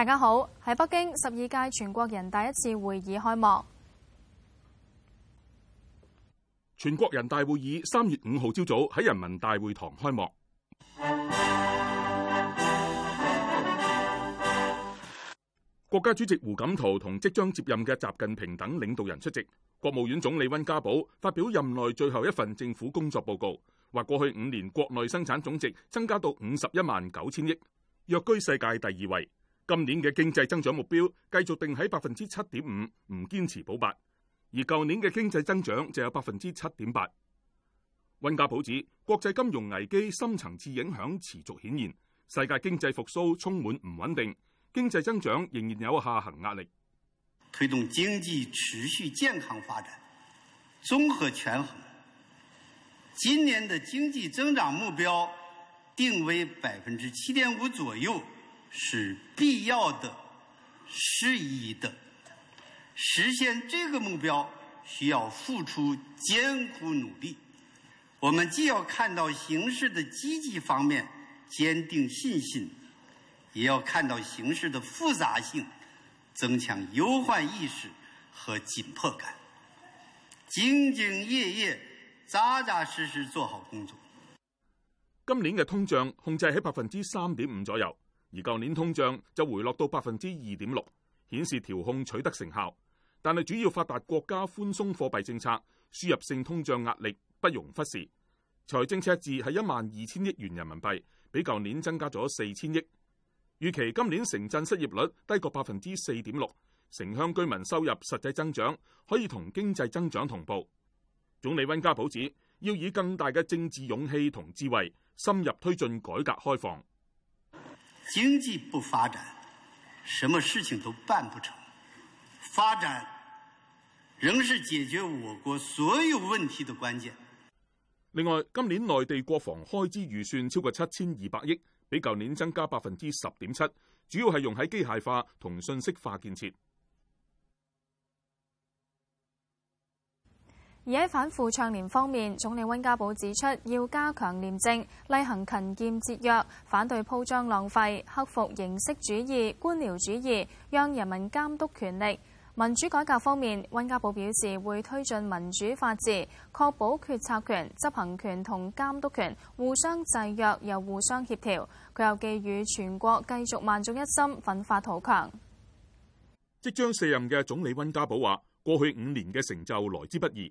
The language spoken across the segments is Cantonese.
大家好，喺北京，十二屆全國人大一次會議開幕。全國人大會議三月五號朝早喺人民大會堂開幕。國家主席胡錦濤同即將接任嘅習近平等領導人出席。國務院總理溫家寶發表任內最後一份政府工作報告，話過去五年國內生產總值增加到五十一萬九千億，約居世界第二位。今年嘅經濟增長目標繼續定喺百分之七點五，唔堅持保八。而舊年嘅經濟增長就有百分之七點八。溫家寶指國際金融危機深層次影響持續顯現，世界經濟復蘇充滿唔穩定，經濟增長仍然有下行壓力。推動經濟持續健康發展，綜合權衡，今年的經濟增長目標定為百分之七點五左右。是必要的、適宜的。實現這個目標需要付出艱苦努力。我們既要看到形勢的積極方面，堅定信心，也要看到形勢的複雜性，增強憂患意識和緊迫感，兢兢業業、扎扎實實做好工作。今年嘅通脹控制喺百分之三點五左右。而舊年通脹就回落到百分之二點六，顯示調控取得成效。但係主要發達國家寬鬆貨幣政策，輸入性通脹壓力不容忽視。財政赤字係一萬二千億元人民幣，比舊年增加咗四千億。預期今年城鎮失業率低過百分之四點六，城鄉居民收入實際增長可以同經濟增長同步。總理溫家寶指，要以更大嘅政治勇氣同智慧，深入推進改革開放。經濟不發展，什麼事情都辦不成。發展仍是解決我國所有問題的關鍵。另外，今年內地國防開支預算超過七千二百億，比舊年增加百分之十點七，主要係用喺機械化同信息化建設。而喺反腐倡廉方面，總理溫家寶指出，要加強廉政，厲行勤儉節約，反對鋪張浪費，克服形式主義、官僚主義，讓人民監督權力。民主改革方面，溫家寶表示會推進民主法治，確保決策權、執行權同監督權互相制約又互相協調。佢又寄語全國繼續萬眾一心，奮發圖強。即將卸任嘅總理溫家寶話：「過去五年嘅成就來之不易。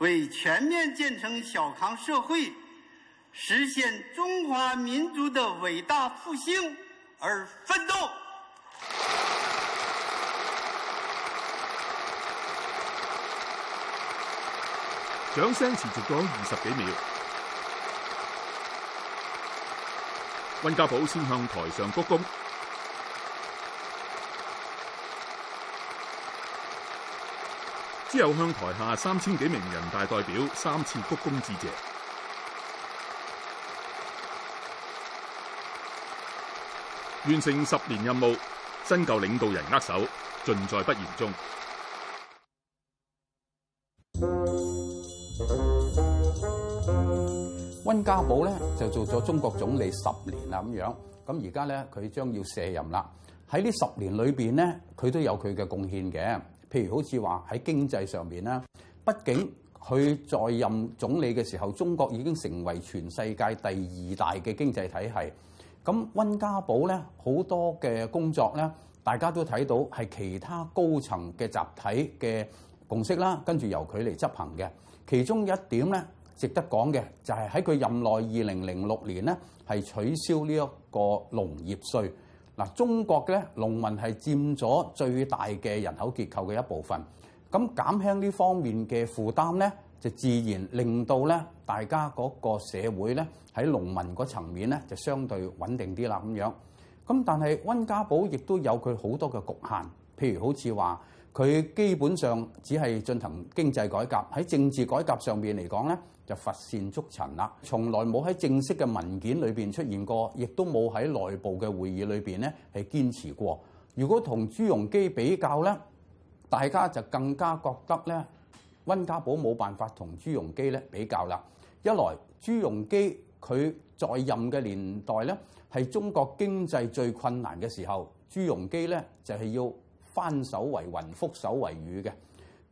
為全面建成小康社會、實現中華民族的偉大復興而奮鬥。掌聲持續咗二十幾秒，溫家寶先向台上鞠躬。之後向台下三千幾名人大代表三次鞠躬致謝，完成十年任務，新舊領導人握手，盡在不言中。溫家寶咧就做咗中國總理十年啦，咁樣咁而家咧佢將要卸任啦。喺呢十年裏邊咧，佢都有佢嘅貢獻嘅。譬如好似話喺經濟上面啦，畢竟佢在任總理嘅時候，中國已經成為全世界第二大嘅經濟體系。咁溫家寶咧好多嘅工作咧，大家都睇到係其他高層嘅集體嘅共識啦，跟住由佢嚟執行嘅。其中一點咧值得講嘅，就係喺佢任內，二零零六年咧係取消呢一個農業稅。嗱，中國咧農民係佔咗最大嘅人口結構嘅一部分，咁減輕呢方面嘅負擔咧，就自然令到咧大家嗰個社會咧喺農民嗰層面咧就相對穩定啲啦。咁樣咁，但係溫家寶亦都有佢好多嘅局限，譬如好似話佢基本上只係進行經濟改革，喺政治改革上面嚟講咧。就佛善足塵啦，從來冇喺正式嘅文件裏邊出現過，亦都冇喺內部嘅會議裏邊咧係堅持過。如果同朱鎔基比較咧，大家就更加覺得咧，温家寶冇辦法同朱鎔基咧比較啦。一來朱鎔基佢在任嘅年代咧，係中國經濟最困難嘅時候，朱鎔基咧就係、是、要翻手為雲覆手為雨嘅。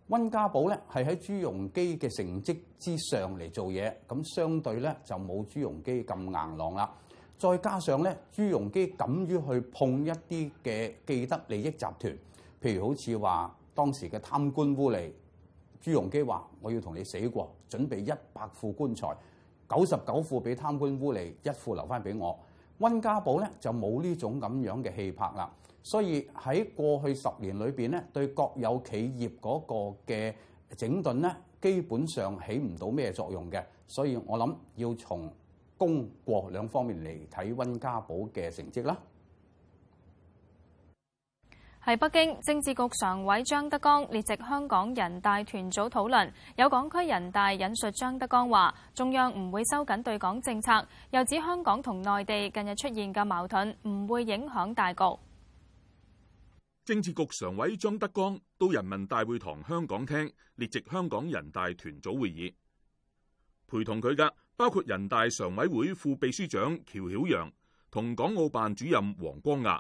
溫家寶咧係喺朱鎔基嘅成績之上嚟做嘢，咁相對咧就冇朱鎔基咁硬朗啦。再加上咧，朱鎔基敢於去碰一啲嘅既得利益集團，譬如好似話當時嘅貪官污吏，朱鎔基話我要同你死過，準備一百副棺材，九十九副俾貪官污吏，一副留返俾我。温家寶咧就冇呢種咁樣嘅氣魄啦。所以喺過去十年裏面，咧，對國有企業嗰個嘅整頓基本上起唔到咩作用嘅。所以我諗要從功過兩方面嚟睇温家寶嘅成績啦。喺北京，政治局常委張德江列席香港人大團組討論，有港區人大引述張德江話：中央唔會收緊對港政策，又指香港同內地近日出現嘅矛盾唔會影響大局。政治局常委張德江到人民大會堂香港廳列席香港人大團組會議，陪同佢嘅包括人大常委會副秘書長喬曉陽同港澳辦主任王光亞。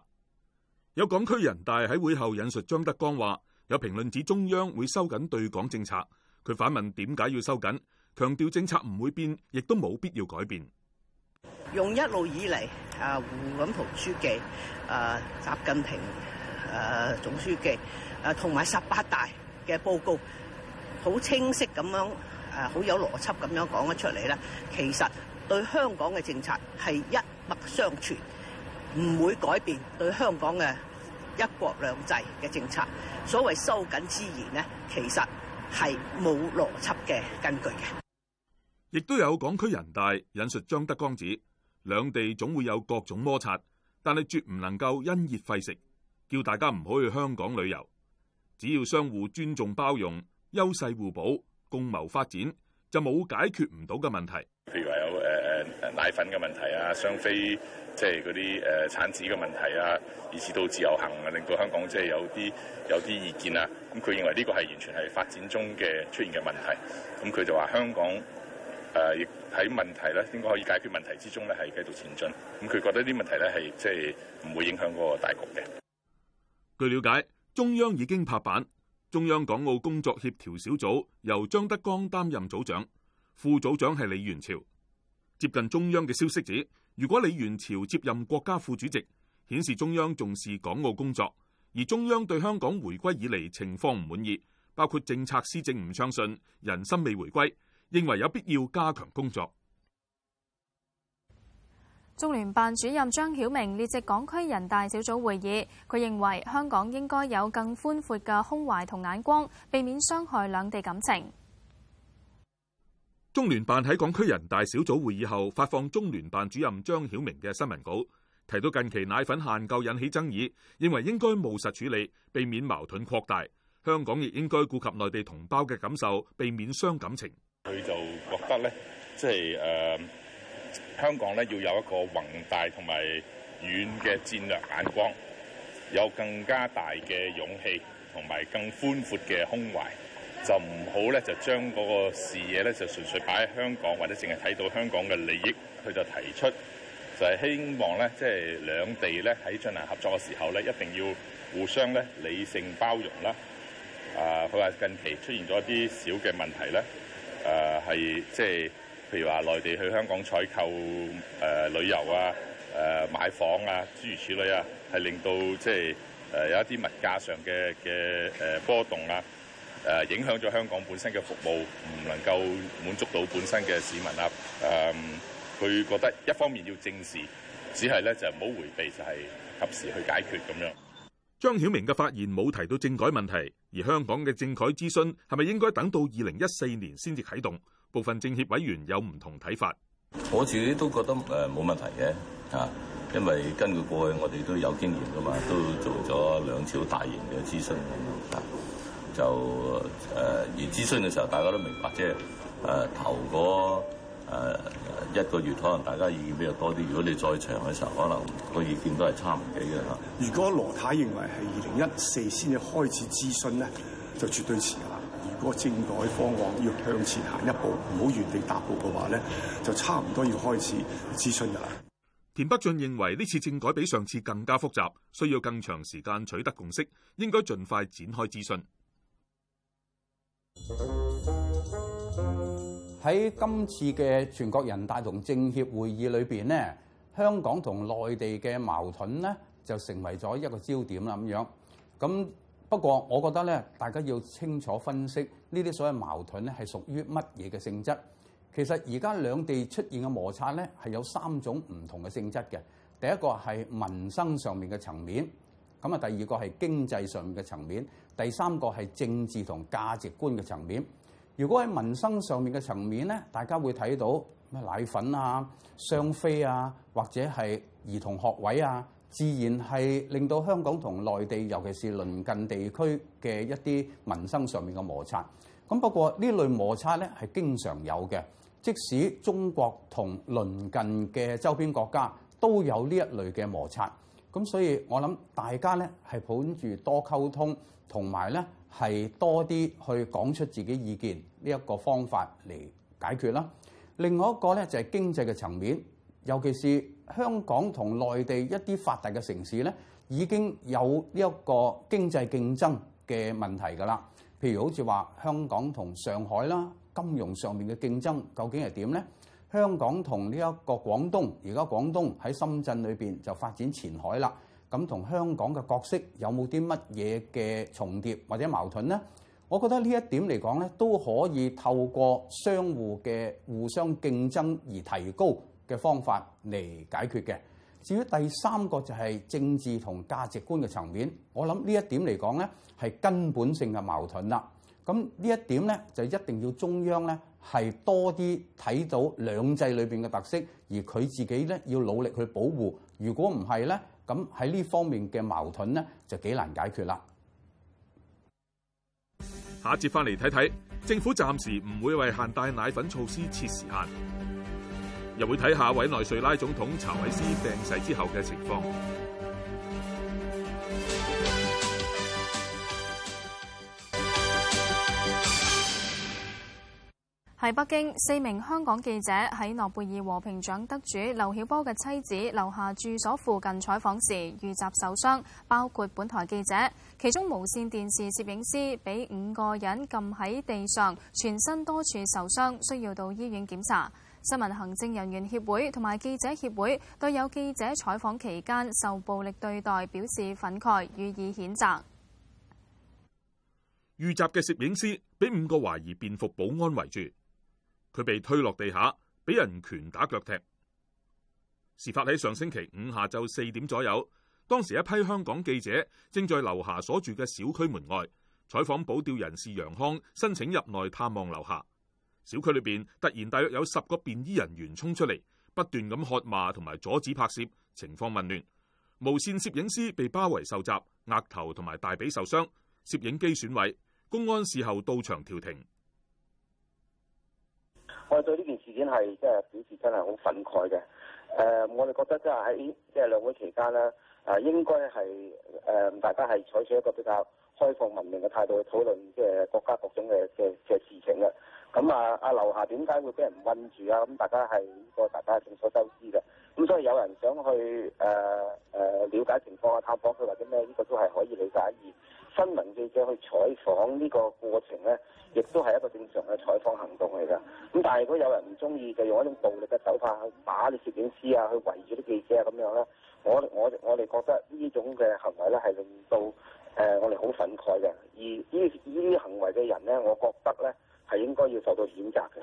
有港區人大喺會後引述張德江話，有評論指中央會收緊對港政策，佢反問點解要收緊，強調政策唔會變，亦都冇必要改變。用一路以嚟啊，胡錦濤書記啊，習近平。誒，總書記誒，同埋十八大嘅報告好清晰咁樣誒，好有邏輯咁樣講咗出嚟啦。其實對香港嘅政策係一脈相傳，唔會改變對香港嘅一國兩制嘅政策。所謂收緊資源呢，其實係冇邏輯嘅根據嘅。亦都有港區人大引述張德江指，兩地總會有各種摩擦，但係絕唔能夠因噎廢食。叫大家唔好去香港旅遊，只要相互尊重、包容、優勢互補共謀發展，就冇解決唔到嘅問題。譬如話有誒、呃、奶粉嘅問題啊，雙非即係嗰啲誒產子嘅問題啊，以致到自由行啊令到香港即係有啲有啲意見啊。咁佢認為呢個係完全係發展中嘅出現嘅問題，咁佢就話香港誒亦喺問題咧，應該可以解決問題之中咧，係繼續前進，咁佢覺得呢啲問題咧係即係唔會影響嗰個大局嘅。據了解，中央已經拍板，中央港澳工作協調小組由張德江擔任組長，副組長係李源潮。接近中央嘅消息指，如果李源潮接任國家副主席，顯示中央重視港澳工作，而中央對香港回歸以嚟情況唔滿意，包括政策施政唔暢順、人心未回歸，認為有必要加強工作。中聯辦主任張曉明列席港區人大小組會議，佢認為香港應該有更寬闊嘅胸懷同眼光，避免傷害兩地感情。中聯辦喺港區人大小組會議後發放中聯辦主任張曉明嘅新聞稿，提到近期奶粉限購引起爭議，認為應該務實處理，避免矛盾擴大。香港亦應該顧及內地同胞嘅感受，避免傷感情。佢就覺得呢，即係誒。呃香港咧要有一個宏大同埋遠嘅戰略眼光，有更加大嘅勇氣同埋更寬闊嘅胸懷，就唔好咧就將嗰個視野咧就純粹擺喺香港或者淨係睇到香港嘅利益，佢就提出就係希望咧即係兩地咧喺進行合作嘅時候咧一定要互相咧理性包容啦。啊，佢話近期出現咗一啲小嘅問題咧，誒係即係。譬如話，內地去香港採購、誒旅遊啊、誒買房啊諸如此類啊，係令到即係誒有一啲物價上嘅嘅誒波動啊，誒影響咗香港本身嘅服務，唔能夠滿足到本身嘅市民啊。誒、啊，佢覺得一方面要正視，只係咧就唔好回避，就係及時去解決咁樣。張曉明嘅發言冇提到政改問題，而香港嘅政改諮詢係咪應該等到二零一四年先至啟動？部分政協委員有唔同睇法，我自己都覺得誒冇、呃、問題嘅啊，因為根據過去我哋都有經驗噶嘛，都做咗兩次大型嘅諮詢，就誒、啊、而諮詢嘅時候大家都明白，即係誒頭個誒、啊、一個月可能大家意見比較多啲，如果你再長嘅時候，可能個意見都係差唔幾嘅啦。如果羅太認為係二零一四先至開始諮詢咧，就絕對遲。個政改方案要向前行一步，唔好原地踏步嘅話咧，就差唔多要開始諮詢㗎啦。田北俊認為呢次政改比上次更加複雜，需要更長時間取得共識，應該盡快展開諮詢。喺今次嘅全國人大同政協會議裏邊呢，香港同內地嘅矛盾呢，就成為咗一個焦點啦。咁樣咁。不過，我覺得咧，大家要清楚分析呢啲所謂矛盾咧，係屬於乜嘢嘅性質。其實而家兩地出現嘅摩擦咧，係有三種唔同嘅性質嘅。第一個係民生上面嘅層面，咁啊第二個係經濟上面嘅層面，第三個係政治同價值觀嘅層面。如果喺民生上面嘅層面咧，大家會睇到咩奶粉啊、雙非啊，或者係兒童學位啊。自然係令到香港同內地，尤其是鄰近地區嘅一啲民生上面嘅摩擦。咁不過呢類摩擦咧，係經常有嘅，即使中國同鄰近嘅周邊國家都有呢一類嘅摩擦。咁所以我諗大家咧，係抱住多溝通，同埋係多啲去講出自己意見呢一個方法嚟解決啦。另外一個呢，就係經濟嘅層面，尤其是。香港同內地一啲發達嘅城市呢，已經有呢一個經濟競爭嘅問題㗎啦。譬如好似話香港同上海啦，金融上面嘅競爭究竟係點呢？香港同呢一個廣東，而家廣東喺深圳裏邊就發展前海啦。咁同香港嘅角色有冇啲乜嘢嘅重疊或者矛盾呢？我覺得呢一點嚟講呢，都可以透過相互嘅互相競爭而提高嘅方法嚟解決嘅。至於第三個就係政治同價值觀嘅層面，我諗呢一點嚟講咧，係根本性嘅矛盾啦。咁呢一點咧就一定要中央咧係多啲睇到兩制裏邊嘅特色，而佢自己咧要努力去保護。如果唔係咧，咁喺呢方面嘅矛盾咧就幾難解決啦。下一節翻嚟睇睇，政府暫時唔會為限帶奶粉措施設時限。又會睇下委內瑞拉總統查韋斯病逝之後嘅情況。喺北京，四名香港記者喺諾貝爾和平獎得主劉曉波嘅妻子劉霞住所附近採訪時遇襲受傷，包括本台記者，其中無線電視攝影師俾五個人撳喺地上，全身多處受傷，需要到醫院檢查。新聞行政人員協會同埋記者協會對有記者採訪期間受暴力對待表示憤慨，予以譴責。遇襲嘅攝影師被五個懷疑便服保安圍住，佢被推落地下，俾人拳打腳踢。事發喺上星期五下晝四點左右，當時一批香港記者正在劉霞所住嘅小區門外採訪保釣人士楊康，申請入內探望劉霞。小區裏邊突然大約有十個便衣人員衝出嚟，不斷咁喝罵同埋阻止拍攝，情況混亂。無綫攝影師被包圍受襲，額頭同埋大髀受傷，攝影機損毀。公安事後到場調停。我哋對呢件事件係真係表示真係好憤慨嘅。誒、呃，我哋覺得真係喺即係兩會期間呢，誒，應該係誒大家係採取一個比較開放、文明嘅態度去討論即係國家各種嘅嘅嘅事情嘅。咁、嗯、啊！阿劉霞點解會俾人韞住啊？咁、嗯、大家係呢個大家眾所周知嘅。咁、嗯、所以有人想去誒誒、呃呃、了解情況啊、探訪佢或者咩，呢、這個都係可以理解，而新聞記者去採訪呢個過程咧，亦都係一個正常嘅採訪行動嚟㗎。咁、嗯、但係如果有人唔中意，就用一種暴力嘅手法去打啲攝影師啊，去圍住啲記者啊咁樣咧，我我我哋覺得呢種嘅行為咧係令到誒我哋好憤慨嘅。而呢呢啲行為嘅人咧，我覺得咧。係應該要受到譴責嘅。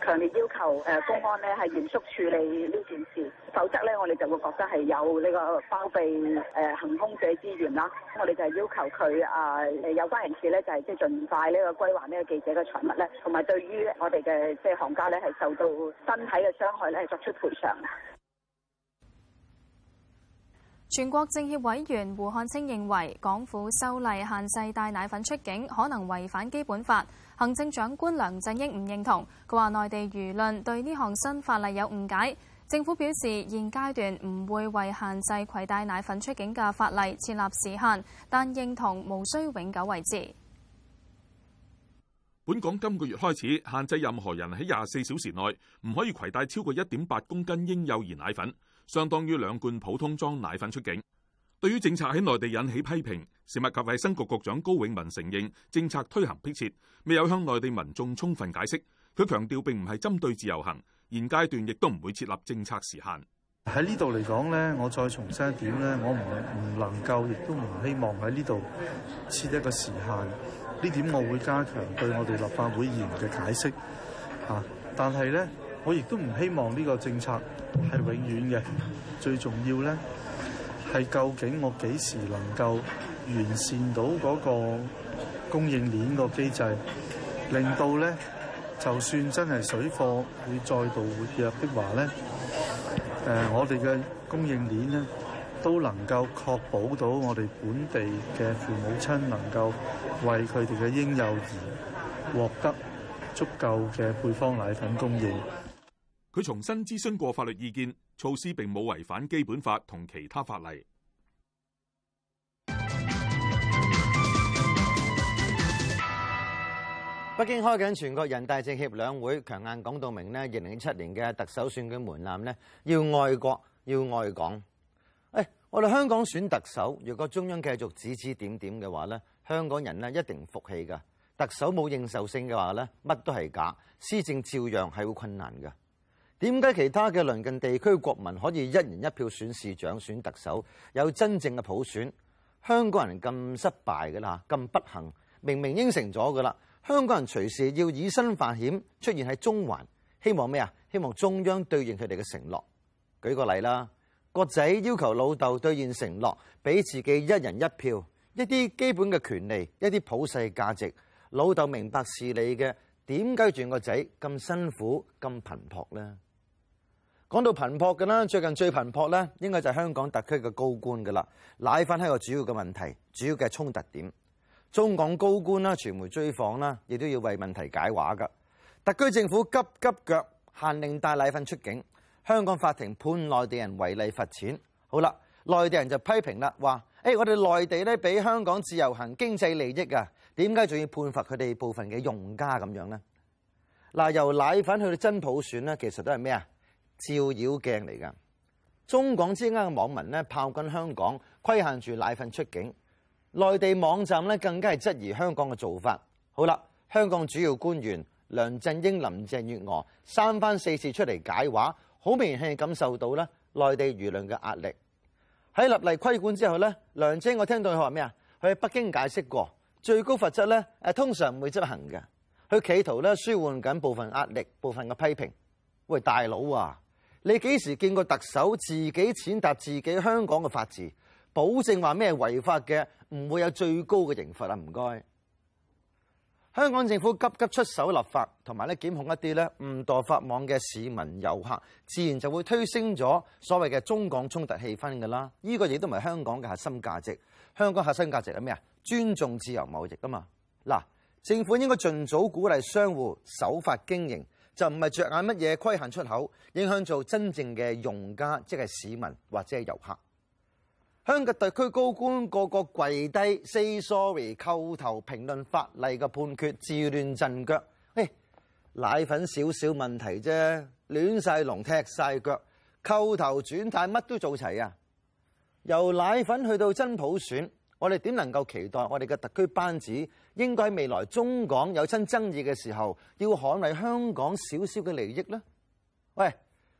強烈要求誒公安咧係嚴肅處理呢件事，否則呢，我哋就會覺得係有呢個包庇誒行兇者之嫌啦。我哋就係要求佢啊，有關人士呢就係即係儘快呢個歸還呢個記者嘅財物呢同埋對於我哋嘅即係行家呢係受到身體嘅傷害呢係作出賠償。全國政協委員胡漢清認為，港府修例限制帶奶粉出境，可能違反基本法。行政長官梁振英唔認同，佢話內地輿論對呢項新法例有誤解。政府表示現階段唔會為限制攜帶奶粉出境嘅法例設立時限，但認同無需永久維持。本港今個月開始限制任何人喺廿四小時內唔可以攜帶超過一點八公斤嬰幼兒奶粉，相當於兩罐普通裝奶粉出境。對於政策喺內地引起批評。食物及衞生局局長高永文承認政策推行迫切，未有向內地民眾充分解釋。佢強調並唔係針對自由行，現階段亦都唔會設立政策時限。喺呢度嚟講咧，我再重申一點咧，我唔唔能夠，亦都唔希望喺呢度設一個時限。呢點我會加強對我哋立法會議員嘅解釋。嚇！但係咧，我亦都唔希望呢個政策係永遠嘅。最重要咧，係究竟我幾時能夠完善到嗰個供應鏈個機制，令到咧，就算真係水貨會再度活躍的話咧，誒，我哋嘅供應鏈咧，都能夠確保到我哋本地嘅父母親能夠為佢哋嘅嬰幼兒獲得足夠嘅配方奶粉供應。佢重新諮詢過法律意見，措施並冇違反基本法同其他法例。北京開緊全國人大政協兩會，強硬講到明呢，二零一七年嘅特首選舉門檻呢，要愛國要愛港。哎，我哋香港選特首，如果中央繼續指指點點嘅話呢，香港人咧一定服氣噶。特首冇認受性嘅話呢，乜都係假，施政照樣係會困難噶。點解其他嘅鄰近地區國民可以一人一票選市長、選特首，有真正嘅普選？香港人咁失敗噶啦，咁不幸，明明應承咗噶啦。香港人隨時要以身犯險，出現喺中環，希望咩啊？希望中央對應佢哋嘅承諾。舉個例啦，個仔要求老豆對應承諾，俾自己一人一票，一啲基本嘅權利，一啲普世價值。老豆明白事理嘅，點解轉個仔咁辛苦咁頻撲呢？講到頻撲嘅啦，最近最頻撲咧，應該就係香港特區嘅高官嘅啦。奶粉係個主要嘅問題，主要嘅衝突點。中港高官啦，傳媒追訪啦，亦都要為問題解話噶。特區政府急急腳限令帶奶粉出境，香港法庭判內地人違例罰錢。好啦，內地人就批評啦，話：誒、欸、我哋內地咧，畀香港自由行經濟利益啊，點解仲要判罰佢哋部分嘅用家咁樣呢？」嗱，由奶粉去到真普選呢，其實都係咩啊？照妖鏡嚟噶。中港之間嘅網民咧，炮轟香港，規限住奶粉出境。內地網站咧更加係質疑香港嘅做法。好啦，香港主要官員梁振英、林鄭月娥三番四次出嚟解話，好明顯係感受到咧內地輿論嘅壓力。喺立例規管之後咧，梁振英，我聽到佢話咩啊？佢喺北京解釋過，最高罰則咧誒，通常唔會執行嘅。佢企圖咧舒緩緊部分壓力、部分嘅批評。喂大佬啊，你幾時見過特首自己踐踏自己香港嘅法治？保證話咩違法嘅唔會有最高嘅刑罰啊！唔該，香港政府急急出手立法同埋咧檢控一啲咧誤墮法網嘅市民遊客，自然就會推升咗所謂嘅中港衝突氣氛噶啦。呢個亦都唔係香港嘅核心價值。香港核心價值係咩啊？尊重自由貿易啊嘛。嗱，政府應該盡早鼓勵商戶守法經營，就唔係着眼乜嘢規限出口，影響到真正嘅用家，即係市民或者係遊客。香港特區高官個個跪低，say sorry，叩頭評論法例嘅判決，自亂陣腳。嘿、哎、奶粉少少問題啫，亂晒龍，踢晒腳，叩頭轉態，乜都做齊啊！由奶粉去到真普選，我哋點能夠期待我哋嘅特區班子，應該喺未來中港有真爭議嘅時候，要捍衛香港少少嘅利益呢？喂，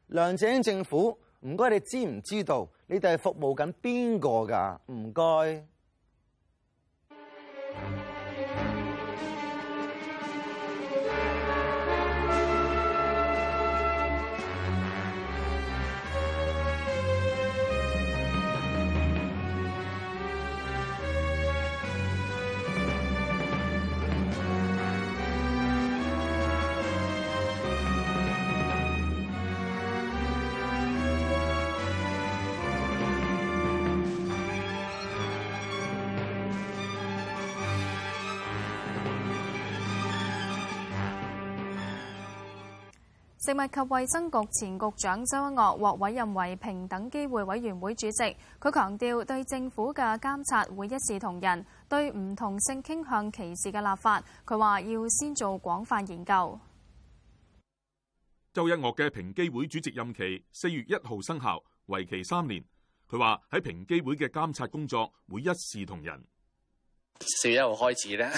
梁振英政府，唔該，你知唔知道？你哋係服務緊邊個㗎？唔該。食物及衛生局前局長周一嶽獲委任為平等機會委員會主席。佢強調對政府嘅監察會一視同仁，對唔同性傾向歧視嘅立法，佢話要先做廣泛研究。周一嶽嘅平機會主席任期四月一號生效，為期三年。佢話喺平機會嘅監察工作會一視同仁。四月一號開始咧，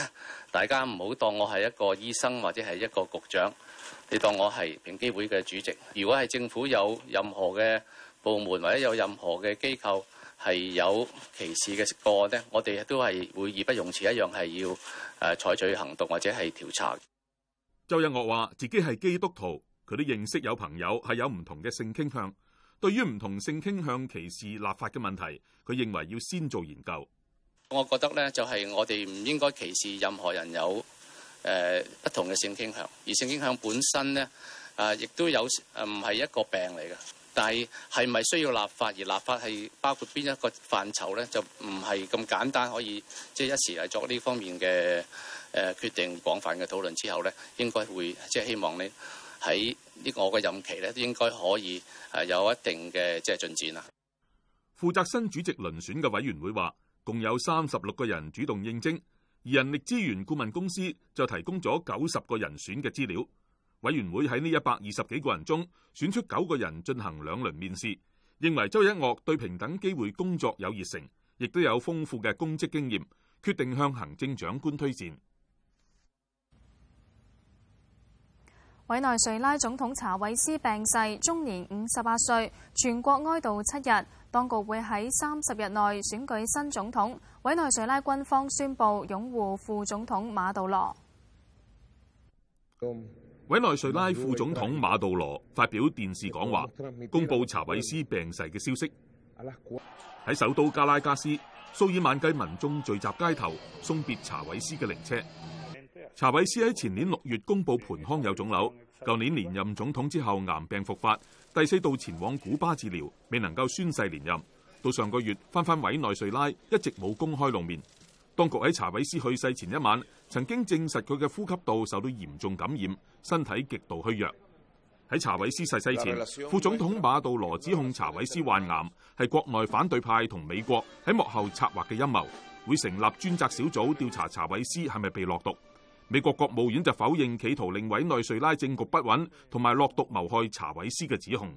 大家唔好當我係一個醫生或者係一個局長，你當我係平機會嘅主席。如果係政府有任何嘅部門或者有任何嘅機構係有歧視嘅個案呢，我哋都係會義不容辭一樣係要誒採取行動或者係調查。周一嶽話：自己係基督徒，佢都認識有朋友係有唔同嘅性傾向。對於唔同性傾向歧視立法嘅問題，佢認為要先做研究。我覺得咧，就係、是、我哋唔應該歧視任何人有誒、呃、不同嘅性傾向。而性傾向本身咧啊，亦、呃、都有誒，唔、呃、係一個病嚟嘅。但係係咪需要立法，而立法係包括邊一個範疇咧？就唔係咁簡單可以即係、就是、一時嚟作呢方面嘅誒、呃、決定。廣泛嘅討論之後咧，應該會即係、就是、希望咧喺呢個我嘅任期咧，應該可以誒有一定嘅即係進展啦。負責新主席遴選嘅委員會話。共有三十六個人主動應徵，而人力資源顧問公司就提供咗九十個人選嘅資料。委員會喺呢一百二十幾個人中選出九個人進行兩輪面試，認為周一嶽對平等機會工作有熱誠，亦都有豐富嘅公職經驗，決定向行政長官推薦。委內瑞拉總統查韋斯病逝，終年五十八歲，全國哀悼七日。當局會喺三十日內選舉新總統。委內瑞拉軍方宣布擁護副總統馬杜羅。委內瑞拉副總統馬杜羅發表電視講話，公布查韋斯病逝嘅消息。喺首都加拉加斯，數以萬計民眾聚集街頭送別查韋斯嘅靈車。查韋斯喺前年六月公布盆腔有腫瘤，舊年連任總統之後癌病復發。第四度前往古巴治療，未能夠宣誓連任。到上個月翻返委內瑞拉，一直冇公開露面。當局喺查韋斯去世前一晚，曾經證實佢嘅呼吸道受到嚴重感染，身體極度虛弱。喺查韋斯逝世前，副總統馬杜羅指控查韋斯患癌，係國內反對派同美國喺幕後策劃嘅陰謀，會成立專責小組調查查韋斯係咪被落毒。美國國務院就否認企圖令委內瑞拉政局不穩同埋落毒謀害查韋斯嘅指控。